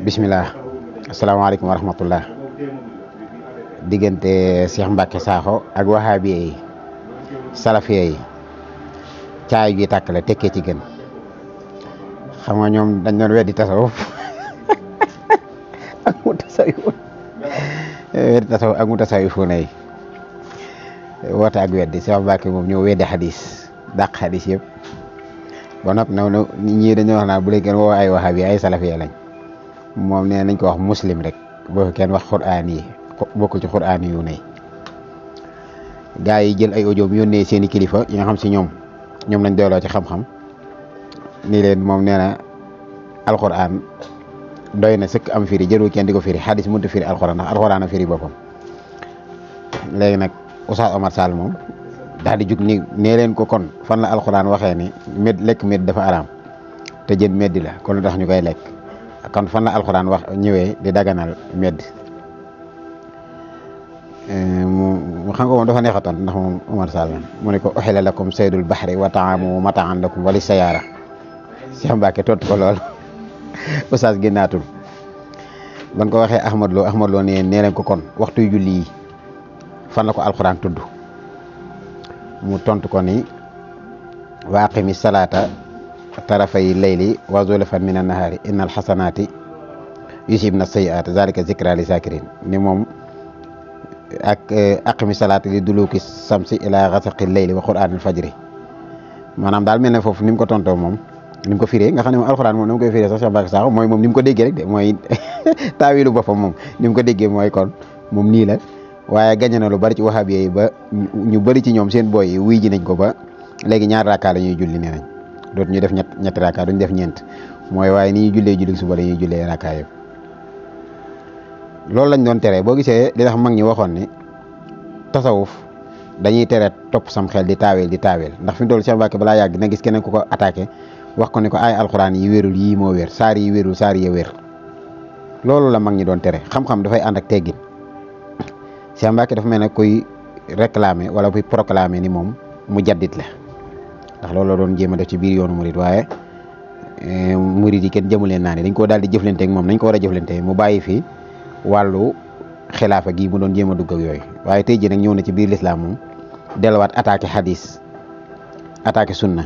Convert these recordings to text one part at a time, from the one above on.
bisimilah asalaamaaleykum wa rahmatullah diggante Cheikh Mbacke Sakho ak wahabiye yi salafiye yi caay ji tàkk la tekkee ci gën xam nga ñoom dañ doon weddi tasawuf ak mu tasawuf weddi tasawuf ak mu tasawufu nay woote ak weddi Cheikh Mbacke moom ñoo weddi xadis dàq xadis yëpp ba noppi nag ñii dañoo wax naa bu leen gën woo ay wahabiye ay salafiye lañ moom nee nañ ko wax muslim rek boo kenn wax xuraan yi bokkul ci xuraan yu ne gaa yi jël ay audio yónnee seen i kilifa yi nga xam si ñoom ñoom lañ doyloo ci xam-xam nii leen moom nee na alxuraan doy na sëkk am firi jëru kenn di ko firi xadis mënut a firi alxuraan ndax alxuraan a firi boppam léegi nag Oustaz Omar Sall moom daal di jug ni nee leen ko kon fan la alxuraan waxee ni lekk med dafa araam te jën meddi la kon lu tax ñu koy lekk. kan fan la alxuraan wax ñëwee di daganal medd euh, mu xam nga moom dafa neex ndax moom Omar Sall mu ne ko uxila lakum saydul baxri wa taamu mataan lakum wali sayaara Cheikh Mbacke tontu ko lool oustaz ginnaatul ban ko waxee Ahmad Lo Ahmad Lo nee nee ko kon waxtu julli fan la ko alxuraan tudd mu tontu ko ni waaqimi salaata tarafay layli wa zulfan min an-nahari innal hasanati yusibna sayyi'at zalika zikra li zakirin ni moom ak eh, aqimi salaati li duluki samsi ila ghasaqi layli wa qur'anil fajri maanaam daal mel ne foofu ni mu ko tontoo moom ni ko fire nga xam ne moom alxuraan moom ni mu koy firee sax Cheikh Mbacké Sakho mooy moom ni mu ko déggee rek de mooy taawilu boppam moom ni mu ko déggee mooy kon moom nii la waaye gañe na lu bari ci wahabi yi ba ñu bari ci ñoom seen boy yi wuy ji nañ ko ba léegi ñaar rakkaa la ñuy julli nee nañ doot ñu def ñet ñetti raka duñ def ñent moy way ni ñu jullee suba dañuy ñuy raka yëpp lool lañ doon téré bo gisé li tax mag ñi waxon ni tasawuf dañuy téré top sam xel di tawel di tawel ndax fi dool toll Cheikh Mbacke bala yag na gis kenen ku ko attaqué wax ko ni ko ay alcorane yi wérul yi mo wér sar yi wérul sar yi ya wér loolu la mag ñi doon téré xam-xam fay and ak teggin Cheikh Mbacke dafa melni koy réclamer wala koy proclamer ni mom mu jaddit la ndax loolu la doon jéem a def ci biir yoonu murit waaye eh, murit yi kenn jëmu leen naa ne dañ koo daal di jëflante ak moom dañ ko war a jëflante mu bàyyi fi wàllu xilaafa gi mu doon jéem a dugg ak yooyu waaye tey jii nag ñëw na ci biir lislaam moom delluwaat attaqué xadis attaqué sunna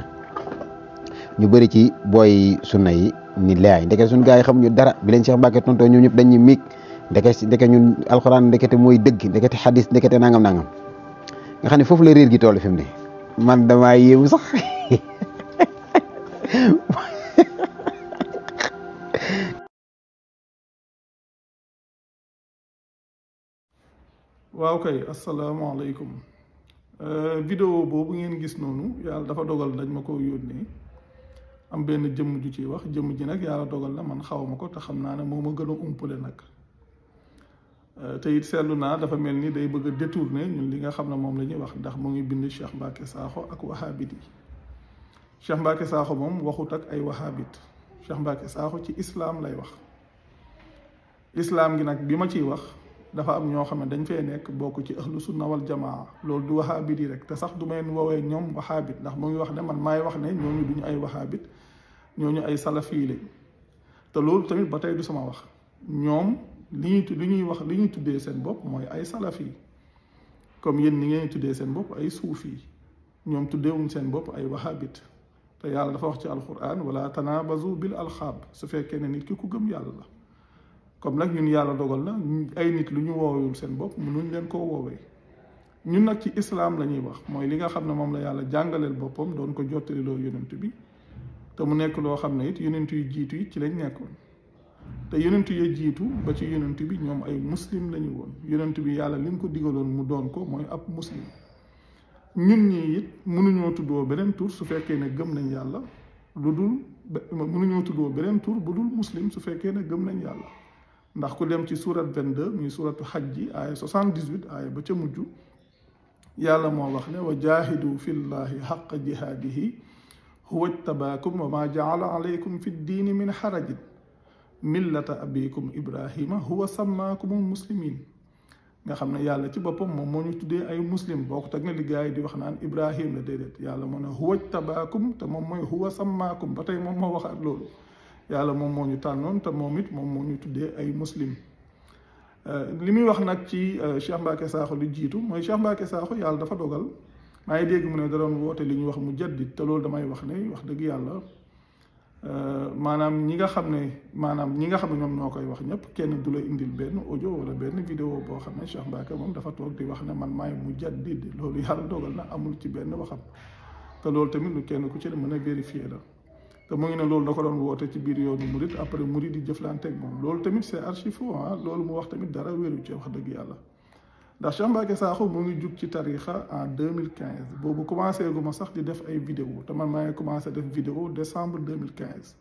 ñu bëri ci booy sunna yi ni laay ndeke suñ gars yi xamuñu dara bi leen Cheikh Mbacke tontoo ñoom ñëpp dañ ñu miig ndeke ñu ñun alxuraan ndekete mooy dëgg ndekete xadis ndekete nangam nangam nga xam ne foofu la gi toll fi mu ne man damaa yéemu sax waaw kay asalaamaaleykum euh, vidéo boobu ngeen gis noonu yàlla dafa dogal dañ ma ko yónnee am benn jëmm ju ci wax jëmm ji nag yàlla dogal na man xaw ma ko te xam naa ne moom ma gën a umpale nag Euh, te it seetlu naa dafa mel ni day bëgg a ne ñun li nga xam ne moom la ñuy wax ndax mu ngi bind Cheikh Mbacke Sakho ak wahabit yi Cheikh Mbacke Sakho moom waxut ak ay waxaabit Cheikh Mbacke Sakho ci islam lay wax islam gi nag bi ma ciy wax dafa am ñoo xam ne dañ fee nekk bokk ci ahlu sunna wal jamaa loolu du wahabit yi rek te sax du may woowee ñoom wahabit ndax mu ngi wax ne man maay wax ne ñooñu duñu ay wahabit ñooñu ay salafi lañ te loolu tamit ba tey du sama wax ñoom. li ñuy li ñuy wax li ñuy tuddee seen bopp mooy ay salafi comme yéen ni ngeen tuddee seen bopp ay suufi ñoom tuddeewuñ seen bopp ay wahabit te yàlla dafa wax ci alquran wala tanabazu bil alxaab su fekkee ne nit ki ku gëm yàlla la comme nag ñun yàlla dogal na ay nit lu ñu woowul seen bopp mënuñ leen koo woowee ñun nag ci islaam la ñuy wax mooy li nga xam ne moom la yàlla jàngaleel boppam doon ko jottali loo yonent bi te mu nekk loo xam ne it yonent yu jiitu yi ci lañ nekkoon te yonent ya jiitu ba ci yonent bi ñoom ay muslim lañu woon yonent bi yàlla lim ko diggaloon mu doon ko mooy ab muslim ñun ñi it mënuñoo tuddoo beneen tur su fekkee ne gëm nañ yàlla lu dul mënuñoo tuddoo beneen tur bu dul muslim su fekkee ne gëm nañ yàlla ndax ku dem ci surat 22 muy suratu xaj ji aaya 78 aaya ba ca mujj yàlla moo wax ne wa jaahidu fi llahi xaqa jihaadihi huwa jtabaakum wa ma jaala alaykum fi ddiini min xarajin ملة أبيكم إبراهيم هو سماكم المسلمين nga xamne yàlla ci bopam mom moñu tuddé ay muslim bokku tak na li gars di wax naan ibrahim la dedet yàlla mo na huwa tabakum te mom moy huwa samakum batay mom mo waxat waxaat yàlla mom moñu tanon tànnoon te moom it moom moo ay muslim li muy wax nak ci Cheikh mbake Sakho li jitu moy Cheikh mbake Sakho yàlla dafa dogal may ngi dégg mu ne da doon wote li wax mu jaddit te loolu damay wax ne wax deug yàlla Euh, maanaam ñi nga xam ne maanaam ñi nga xam ne ñoom noo koy wax ñëpp kenn du la indil benn audio wala benn vidéo boo xam ne Cheikh mbaake moom dafa toog di wax ne man maay mujaddid loolu yàlla dogal na amul ci benn waxam te loolu tamit lu kenn ku ci mën a vérifier la te mu ngi ne loolu da ko doon wootee ci biir yoonu murit après murit di jëflante ak moom loolu tamit c'est archive ah loolu mu wax tamit dara wéru ci wax dëgg yàlla ndax Cheikh Mbacké Sakho mu ngi jug ci tarixa en 2015 boobu commencé gu ma sax di def ay vidéo te man maa ngi commencé def vidéo décembre 2015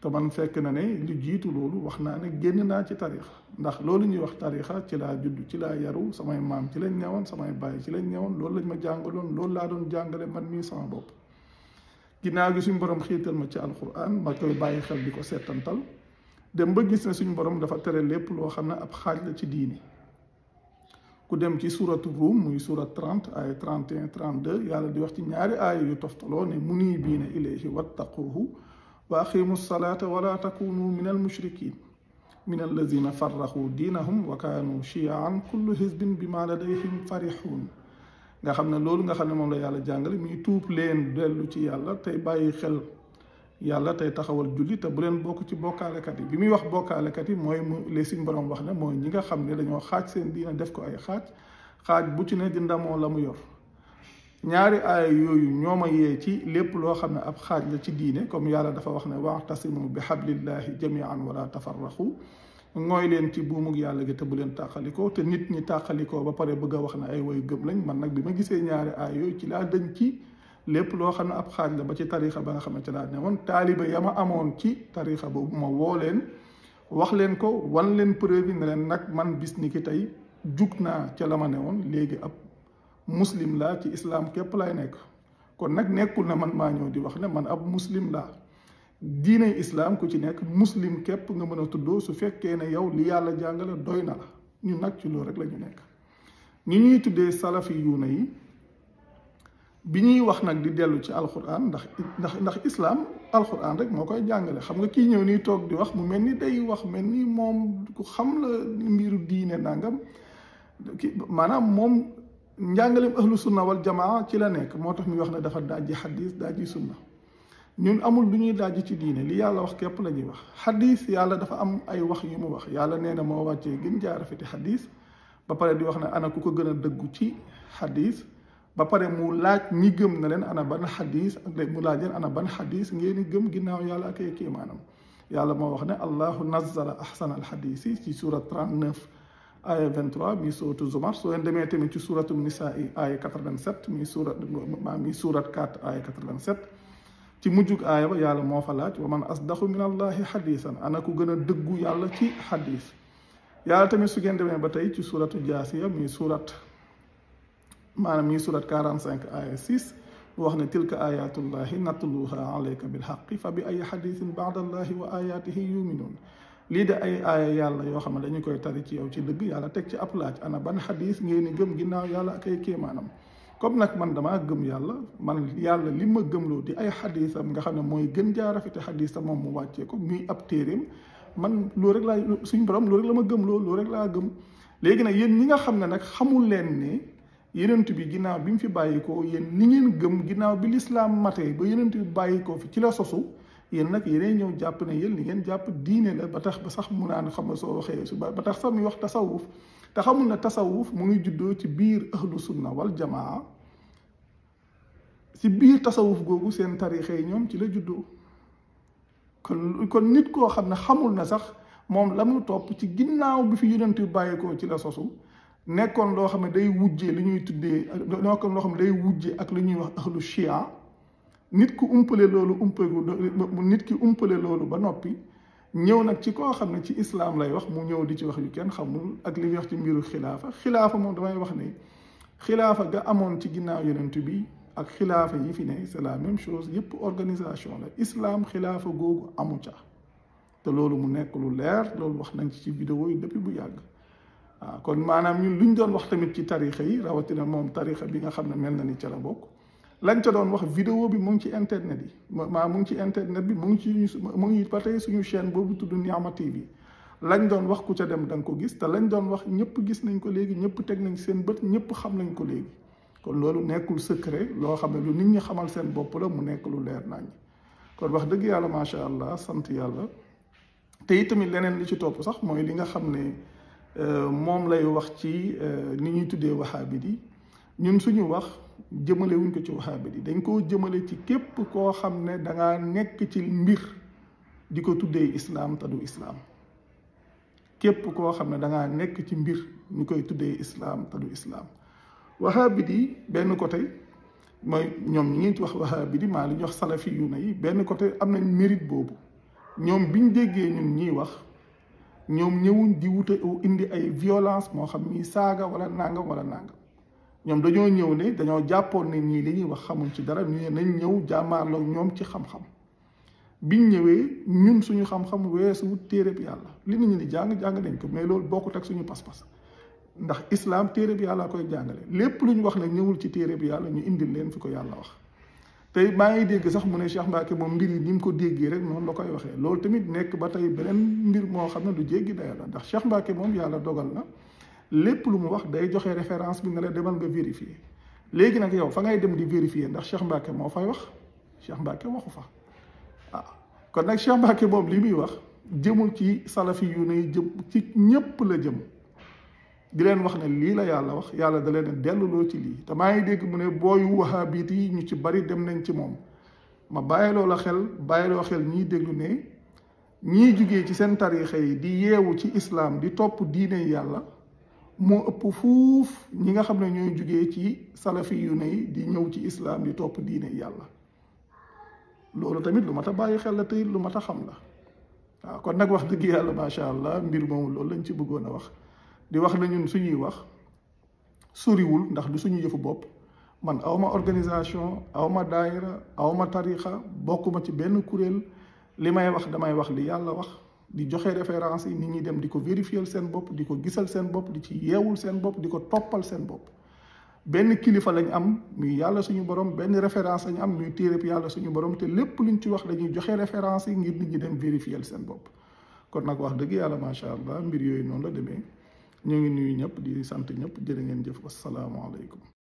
te man fekk na ne lu jiitu loolu wax naa ne génn naa ci tarixa ndax loolu ñuy wax tarixa ci laa judd ci laa yaru samay maam ci lañ newoon samay bàyyi ci lañ newoon loolu lañ ma jàngaloon loolu laa doon jàngale man mii sama bopp ginnaaw gi suñ borom xiital ma ci alquran ma koy bàyyi xel di ko seetantal dem ba gis ne suñ borom dafa tere lépp loo xam ne ab xaaj la ci diini ku dem ci sourate rum muy sourate 30 ay 31 32 yàlla di wax ci ñaari ay yu toftalo ne muniibiina ilayhi wattaquhu wa aqimus salata wa la takunu min almushrikin min allazina farraxu diinahum wa kaanu shiyaan kullu hizbin bima ladayhim farixuun nga xamne lolou nga xamne mom la yàlla jàngale mi tuub len delu ci yàlla tay baye xel yàlla tay taxawal julli te bu len bok ci bokale kat bi mi wax bokkaalekat yi moy les suñ borom wax na moy ñi nga xam ne dañoo xaj seen diina def ko ay xaj xaj bu ci ne di ndamo lamu yor ñaari ay yoyu ñoma ye ci lépp lo xamne ab xaj la ci diine comme yàlla dafa wax ne wa tasimu bi hablillah jamian wa la tafarraqu ngoy len ci bu muk yàlla gi te bu len takhaliko te nit ñi takhaliko ba pare bëgg wax na ay way gëm lañ man nak bima gisee ñaari ay yoyu ci la dañ ci lépp loo xam ne ab xaaj la ba ci tarixa ba nga xamante daal ne woon taaliba ya ma amoon ci tarixa boobu ma woo leen wax leen ko wan leen preuve bi ne leen nag man bis ni ki tey jug naa ca la ma ne woon léegi ab muslim laa ci islaam képp lay nekk kon nag nekkul na man maa di wax ne man ab muslim laa diine islaam ku ci nekk muslim képp nga mën a tuddoo su fekkee ne yow li yàlla jàngale doy na la ñu nag ci loolu rek la ñu nekk ñi ñuy tuddee salafi yuuna yi bi ñuy wax nag di dellu ci alxuraan ndax ndax ndax islaam alxuraan rek moo koy jàngale xam nga kii ñëw nii toog di wax mu mel ni day wax mel nii moom ku xam la mbiru diine nangam maanaam moom njàngaleem ahlu sunna wal jamaa ci la nekk moo tax muy wax ne dafa dajji xadis dajji sunna ñun amul lu ñuy dajji ci diine lii yàlla wax képp la ñuy wax xadis yàlla dafa am ay wax yu mu wax yàlla nee na moo wàccee gën jaarafeti xadis ba pare di wax na ana ku ko gën a dëggu ci xadiis ba pare mu laaj ñi gëm na leen ana ba xadis ak mu laaj leen ana ban xadis ngeen gëm ginnaaw yàlla ak ay kéemaanam yàlla moo wax ne allahu nazzala ahsana alxadis yi ci surat 39 aya 23 mi suratu zumar soo leen demee tamit ci suratu nisaa yi aya 87 mi surat maa mi surat 4 aya 87 ci mujjug aaya ba yàlla moo fa laaj wa man asdaqu min allahi xadisan ana ku gën a dëggu yàlla ci xadis yàlla tamit su ngeen demee ba tey ci suratu jaasiya mi suurat maanaam ñuy surat 45 aya 6 bu wax ne tilka ayatullahi natluha alayka bilxaqi fa bi ay xadisin baadallahi wa ayatihi yuminuun lii de ay aaya yàlla yoo xam ne dañu koy tari ci yow ci dëgg yàlla teg ci ab laaj ana ban xadis ngeen ni gëm ginnaaw yàlla ak ay kéemaanam comme nag man damaa gëm yàlla man yàlla li ma gëmloo di ay xadisam nga xam ne mooy gën jaa rafete xadis moom mu wàccee ko muy ab téeréem man loolu rek laa suñu borom loolu rek la ma gëm loolu rek laa gëm léegi nag yéen ñi nga xam ne nag xamul leen ne yenent bi ginnaaw bi mu fi bàyyikoo yéen ni ngeen gëm ginnaaw bi lislaam matee ba yenent bi bàyyikoo fi ci la sosu yéen nag yeneen ñëw jàpp ne yéen li ngeen jàpp diine la ba tax ba sax mu naan xam nga soo waxee su ba tax sax muy wax tasawuf te xamul ne tasawuf mu ngi juddoo ci biir ahlu sunna wal jamaa ci biir tasawuf googu seen tariixa ñoom ci la juddoo kon nit koo xam ne xamul na sax moom la mu topp ci ginnaaw bi fi yonent bi bàyyeekoo ci la sosu nekkoon loo xam ne day wujje li ñuy tuddee nekkoon loo xam ne day wujjee ak li ñuy wax ahlu chia nit ku umpale loolu umpale nit ki umpale loolu ba noppi ñëw nag ci koo xam ne ci islaam lay wax mu ñëw di ci wax yu kenn xamul ak li ñuy wax ci mbiru xilaafa xilaafa moom damay wax ne xilaafa ga amoon ci ginnaaw yonent bi ak xilaafa yi fi ne c'est la même chose yëpp organisation la islaam xilaafa googu amu ca te loolu mu nekk lu leer loolu wax nañ ci ci vidéo yi depuis bu yàgg waaw ah, kon maanaam ñun lu ñu doon wax tamit ci tarixa yi rawatina moom tarixa bi nga xam ne mel na ni ca la bokk lañ ca doon wax vidéo bi mu ngi ci internet yi maa mu ngi ci internet bi mu ngi ci mu ngi ba tey suñu chaîne boobu tudd Nihma TV lañ doon wax ku ca dem danga ko gis te lañ doon wax ñëpp gis nañ ko léegi ñëpp teg nañ seen bët ñëpp xam nañ ko léegi kon loolu nekkul secret loo xam ne lu nit ñi xamal seen bopp la mu nekk lu leer nañ kon wax dëgg yàlla macha allah sant yàlla te itamit leneen li ci topp sax mooy li nga xam ne. Euh, moom lay wax ci euh, ni ñuy tuddee waxaabit yi ñun suñu wax jëmale wuñ ko ci waxaabit yi dañ koo jëmale ci képp koo xam ne danga nekk ci mbir di ko tuddee islaam te du islaam képp koo xam ne danga nekk ci mbir ñu koy tuddee islaam te du islaam waxaabit yi benn côté mooy ñoom ñi ngi wax waxaabit yi maa li ñu wax salafi yu na yi benn côté am nañ mérite boobu ñoom biñ déggee ñun ñuy wax ñoom ñëwuñ di wute indi ay violence moo xam ni saaga wala nangam wala nangam ñoom dañoo ñëw ne dañoo jàppoon ne ñii li wax xamuñ ci dara ñu ne nañ ñëw jàmmaarloo ñoom ci xam-xam biñ ñëwee ñun suñu xam-xam weesu téereb yàlla li nit ñi di jàng jàng nañ ko mais loolu bokkut ak suñu pas-pas ndax islam téereb yàlla koy jàngale lépp lu ñu wax ne ñëwul ci téereb yàlla ñu indi leen fi ko yàlla wax. tay ma ngi dégg sax mu ne Cheikh mbake moom mbir yi ni mu ko déggee rek noonu la koy waxee loolu tamit nekk ba tey beneen mbir moo xam ne du jéggi daya la ndax Cheikh mbake moom yàlla dogal na lépp lu mu wax day joxe référence bi nga la demal nga vérifier léegi nag yow fa ngay dem di vérifier ndax Cheikh mbake moo fay wax Cheikh mbake waxu fa ah kon nag Cheikh mbake moom li muy wax jëmul ci salafi yu ne jëm ci ñëpp la jëm di leen wax ne lii la yàlla wax yàlla da leen a ci lii te maa ngi dégg mu ne booyu wahaabit yi ñu ci bari dem nañ ci moom ma bàyyiloo la xel bàyyiloo xel ñiy déglu ne ñiy jugee ci seen tariixa yi di yeewu ci islam di topp diine yàlla moo ëpp fuuf ñi nga xam ne ñooy jugee ci salafi yu ne di ñëw ci islam di topp diine yàlla loolu tamit lu mat a bàyyi xel la te lu mat a xam la waaw kon nag wax dëgg yàlla macha allah mbir moomu loolu lañ ci bëggoon a wax di wax na suñuy wax soriwul ndax du suñu yëfu bopp man awma organisation awma daayira awma tarixa bokkuma ci benn kuréel li may wax damay wax li yàlla wax di joxe référence yi nit ñi dem di ko vérifier seen bopp di ko gisal seen bopp di ci yeewul seen bopp di ko toppal seen bopp benn kilifa lañ am muy yàlla suñu borom benn référence lañ am muy téereb yàlla suñu borom te lépp luñ ci wax dañuy joxe référence yi ngir nit ñi dem vérifier seen bopp kon nag wax dëgg yàlla macha allah mbir yooyu noonu la demee ñoo ngi nuyu ñëpp di sant ñëpp jërë ngeen jëf wasalaamaaleykum